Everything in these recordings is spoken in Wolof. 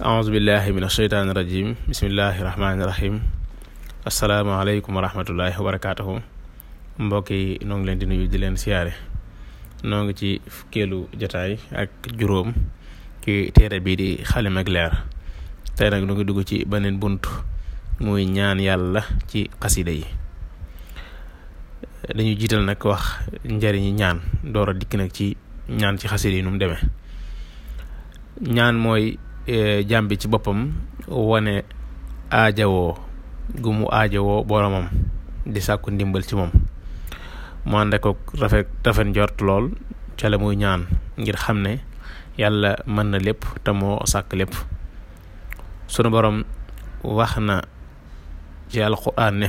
aousubillahi min asheytaani irajim bismillahi rahmaaniirahim asalaamaaleykum wa rahmatullahi wa barakatuhu mbokk yi noo ngi leen di nuyu di leen siyaare noo ngi ci fukkeelu jotaay ak juróom ci téere bii di xalimag leer tey nag nu ngi dugg ci beneen bunt muy ñaan yàlla ci xasida yi dañu jiital nag wax njëriñi ñaan door dikk nag ci ñaan ci xasida yi nu mu demee ñaan mooy E, jàmm bi ci boppam wane aajawoo gu mu aajawoo boromam di sàkku ndimbal ci moom mu ànd ak rafet rafet njort lool ca la muy ñaan ngir xam ne yàlla mën na lépp te moo sàkk lépp sunu borom wax na ci alxuraan ne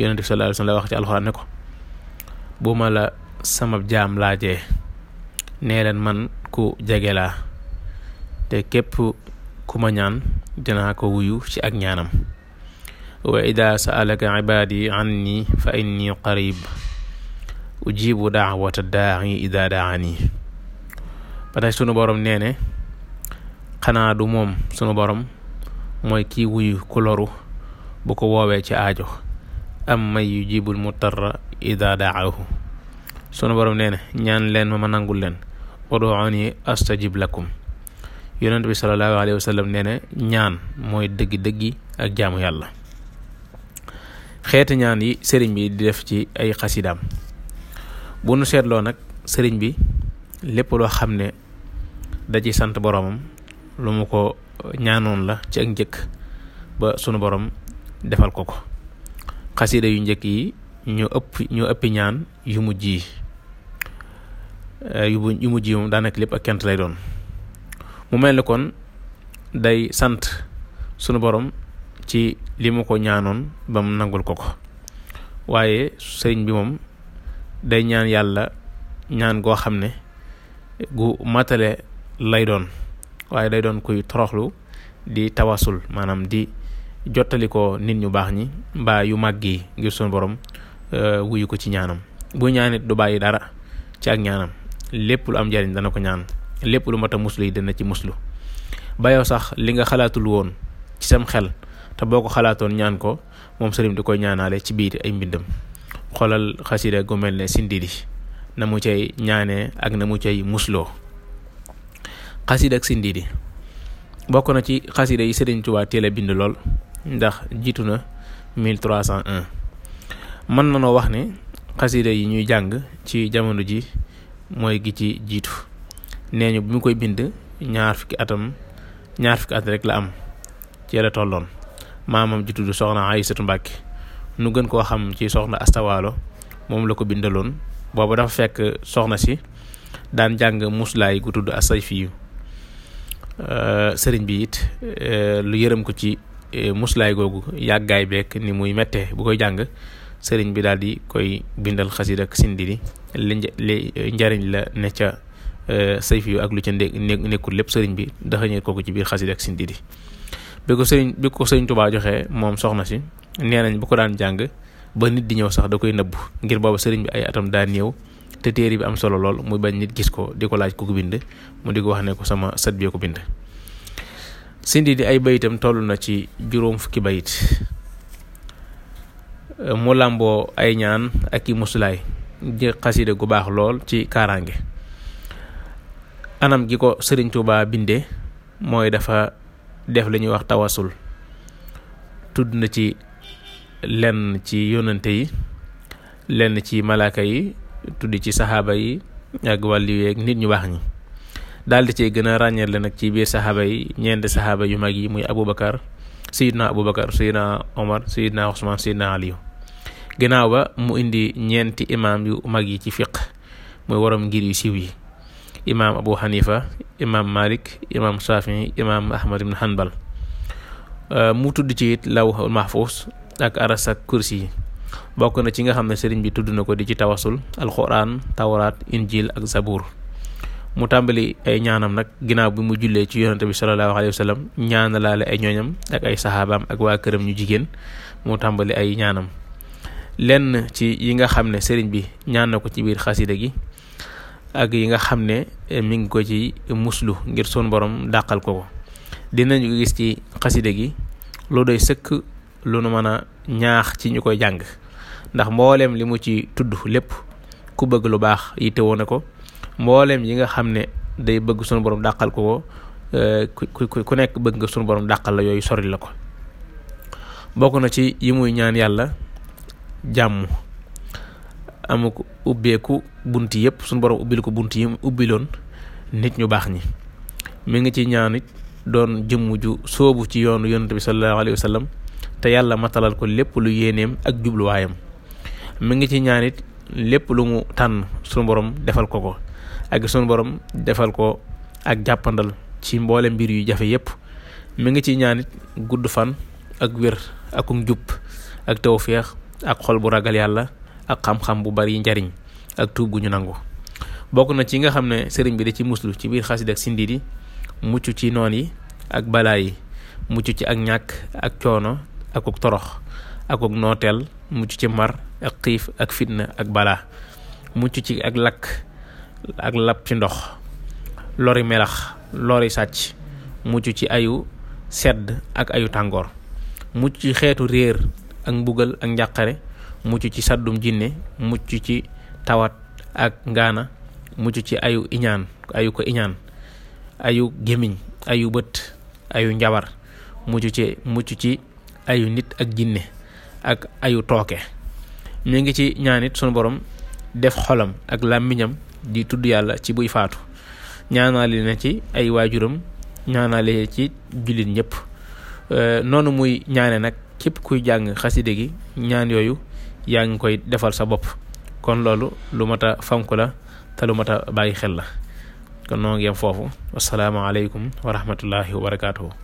yonent bi sallallahu alayhi wasallam wax ci alxuraan ne ko bu ma la sama jaam laajee nee leen man ku jege laa te képp ku ma ñaan dinaa ko wuyu ci ak ñaanam wa ida saalaka ibaadi anni fa inni qarib ujibu daawata daai ida daani ba tey sunu borom nee xanaa du moom sunu borom mooy kii wuyu ku loru bu ko woowee ci aajo am may yujibul mutarra ida daahu sunu borom nee ne ñaan leen ma ma nangul leen uduuni astajib lakum yonent bi salallaahu alayhi wa sallam nee ñaan mooy dëgg-dëggi ak jaamu yàlla xeeti ñaan yi sëriñ bi di def ci ay xasidaam bu nu seetloo nag sëriñ bi lépp loo xam ne da sant boroomam lu mu ko ñaanoon la ci ak njëkk ba sunu borom defal ko ko xasida yu njëkk yi ñoo ëpp ñoo ëppi ñaan yu mujj yi yu mujj yi moom daanaka lépp ak kent lay doon mu mel ni kon day sant sunu borom ci li mu ko ñaanoon ba mu nangul ko ko waaye sëriñ bi moom day ñaan yàlla ñaan goo xam ne gu matale lay doon waaye day doon kuy toroxlu di tawasul maanaam di jottali ko nit ñu baax ñi mbaa yu mag yi ngir sunu borom euh, wuyu ko ci ñaanam bu ñaanit du bàyyi dara ci ak ñaanam lépp lu am njariñ dana ko ñaan lépp lu mat a muslu yi dana ci muslu bayoo sax li nga xalaatul woon ci sam xel te boo ko xalaatoon ñaan ko moom sëriñ di koy ñaanaale ci biir ay mbindam xoolal xasida gu mel ne sindidi na mu cay ñaanee ak na mu cay musloo xasida ak sindidi bokk na ci xasida yi sëriñ Tuubaa teel a bind lool ndax jiitu na 1301 mën na noo wax ne xasida yi ñuy jàng ci jamono ji mooy gi ci jiitu nee ñu bi mu koy bind ñaar fukki atam ñaar fukki at rek la am ci la tolloon maamam ji tudd soxna Aysatu Mbàkke nu gën koo xam ci soxna astawaalo moom la ko bindaloon booba dafa fekk soxna si daan jàng muslaay gu tudd asayfiyu euh, sëriñ bi it euh, lu yërëm ko ci euh, muslaay googu yàggaay beek ni muy mette bu koy jàng sëriñ bi daal di koy bindal xasida ak sindiri li njariñ la ne ca Euh, sayf yu ak lu ca nekkul lépp sëriñ bi daxañee kooku ci biir xasida ak sindidi bi ko sëriñ bi ko sëriñ Tuubaa joxee moom soxna si nee nañ bu ko daan jàng ba nit di ñëw sax da koy nëbb ngir booba sëriñ bi ay atam daa néew te téere bi am solo lool mu bañ nit gis ko di ko laaj ku ko bind mu di ko wax ne ko sama sët bi ko bind sindidi ay bayitam toll na ci juróom fukki bayit mu làmboo ay ñaan ak i musulaay di xasida gu baax lool ci kaaraange anam gi ko sëriñ Touba bindee mooy dafa def li ñuy wax tawasul tudd na ci lenn ci yonante yi lenn ci malaaka yi tudd ci saxaaba yi ak wàllu nit ñu baax ñi daal di cay gën a ràññeele nag ci biir saxaaba yi ñeenti saxaaba yu mag yi muy abu Aboubacar Seydina Aboubacar Seydina Omar Seydina Ousmane Seydina Aliou ginnaaw ba mu indi ñeenti imaam yu mag yi ci fiq muy waroom ngir yu siiw yi. imaam abu xanifa imaam malik imaam shafii imaam ahmad ibn hanbal euh, mu tudd ci it lawhul mahfuus ak aras kursi yi bokk na ci nga xam ne sëriñ bi tudd na ko di ci tawasul alquran tawraat injil ak zabur mu tàmbali ay ñaanam nag ginnaaw bi mu jullee ci yonante bi salallaahu alayhi wa sallam ñaanalaale ay ñooñam ak ay saxaabaam ak waa këram ñu jigéen mu tàmbali ay ñaanam lenn ci yi nga xam ne sëriñ bi ñaan na ko ci biir xasida gi ak yi nga xam ne eh, mi ngi ko ci muslu ngir sun borom dàqal ko ko dinañu gis ci xaside gi lu doy sëkk lu nu mën a ñaax ci ñu koy jàng ndax mbooleem li mu ci tudd lépp ku bëgg lu baax yitte woone ko mboolem yi nga xam ne day bëgg sunu borom dàqal ko ko eh, ku ku nekk bëgg nga sunu borom dàqal la yooyu sori la ko bokk na ci yi muy ñaan yàlla jàmm amuk ubbeeku bunt yëpp suñu borom ubbil ko bunt yi ubbiloon nit ñu baax ni mi ngi ci ñaanit doon jëmm ju sóobu ci yoonu yonent bi sallallahu alayhi te yàlla matalal ko lépp lu yéeneem ak jubluwaayam mi ngi ci ñaanit lépp lu mu tànn suñu borom defal ko ko ak suñu borom defal ko ak jàppandal ci mboole mbir yu jafe yëpp mi ngi ci ñaan gudd fan ak wér akum jub ak tawféex ak xol bu ragal yàlla ak xam-xam bu bari njariñ ak tuub gu ñu nangu bokk na ci nga xam ne sëriñ bi da ci muslu ci biir xasida ak sindid yi mucc ci noon yi ak balaa yi mucc ci ak ñàkk ak coono ak ak torox ak ak nooteel mucc ci mar ak xiif ak fitna ak balaa mucc ci ak lakk ak lap ci ndox lori melax lori sàcc mucc ci ayu sedd ak ayu tàngoor mucc ci xeetu réer ak mbugal ak njàqare mucc ci saddum jinne mucc ci tawat ak ngaana mucc ci ayu iñaan ayu ko iñaan ayu gémmiñ ayu bët ayu njabar mucc ci mucc ci ayu nit ak jinne ak ayu tooke mu ngi ci ñaanit sunu borom def xolam ak làmmiñam di tudd yàlla ci buy faatu ñaanaale na ci ay waajuram ñaanaale ci jullit ñëpp euh, noonu muy ñaane nag képp kuy jàng xaside gi ñaan yooyu yaa ngi koy defal sa bopp kon loolu lu mat a fonk la te mat a bàyyi xel la kon noo ngi yem foofu wasalaamaaleykum wa rahmatullahi wa barakaatuhu